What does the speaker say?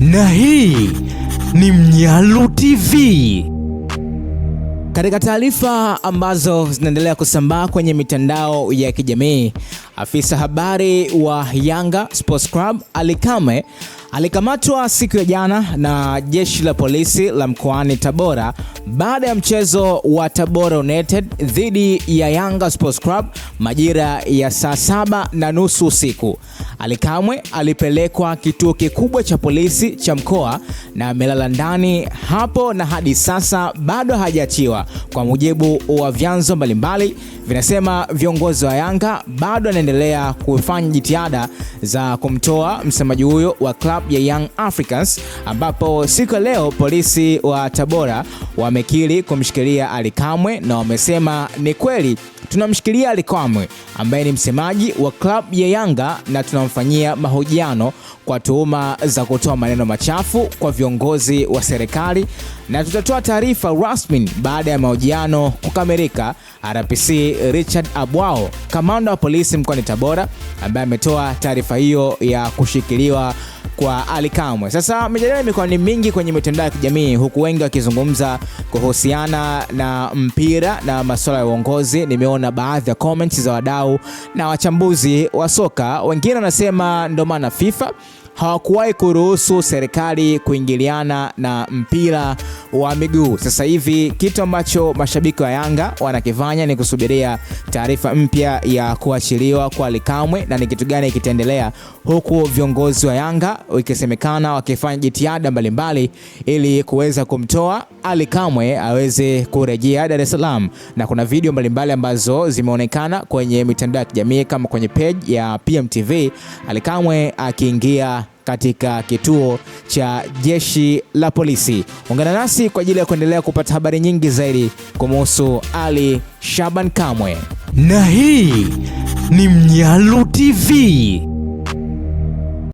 Na hii ni Mnyalu TV. Katika taarifa ambazo zinaendelea kusambaa kwenye mitandao ya kijamii, afisa habari wa Yanga Sports Club Ally Kamwe Alikamatwa siku ya jana na jeshi la polisi la mkoani Tabora baada ya mchezo wa Tabora United dhidi ya Yanga Sports Club majira ya saa saba na nusu usiku. Alikamwe alipelekwa kituo kikubwa cha polisi cha mkoa na amelala ndani hapo na hadi sasa bado hajaachiwa, kwa mujibu wa vyanzo mbalimbali vinasema. Viongozi wa Yanga bado anaendelea kufanya jitihada za kumtoa msemaji huyo wa klabu Cup ya Young Africans, ambapo siku ya leo polisi wa Tabora wamekiri kumshikilia Ally Kamwe na wamesema ni kweli tunamshikilia Ally Kamwe ambaye ni msemaji wa klabu ya Yanga na tunamfanyia mahojiano kwa tuhuma za kutoa maneno machafu kwa viongozi wa serikali na tutatoa taarifa rasmi baada ya mahojiano kukamilika. RPC Richard Abwao, kamanda wa polisi mkoani Tabora, ambaye ametoa taarifa hiyo ya kushikiliwa kwa Ali Kamwe. Sasa mijadala imekuwa ni mingi kwenye mitandao ya kijamii, huku wengi wakizungumza kuhusiana na mpira na masuala ya uongozi. Nimeona baadhi ya comments za wadau na wachambuzi wa soka, wengine wanasema ndo maana FIFA hawakuwahi kuruhusu serikali kuingiliana na mpira wa miguu. Sasa hivi kitu ambacho mashabiki wa Yanga wanakifanya ni kusubiria taarifa mpya ya kuachiliwa kwa Likamwe na ni kitu gani kitaendelea, huku viongozi wa Yanga ikisemekana wakifanya jitihada mbalimbali ili kuweza kumtoa ali Kamwe aweze kurejea Dar es Salaam, na kuna video mbalimbali ambazo zimeonekana kwenye mitandao ya kijamii kama kwenye page ya PMTV alikamwe Kamwe akiingia katika kituo cha jeshi la polisi. Ungana nasi kwa ajili ya kuendelea kupata habari nyingi zaidi kumuhusu Ali Shaban Kamwe, na hii ni Mnyalu TV.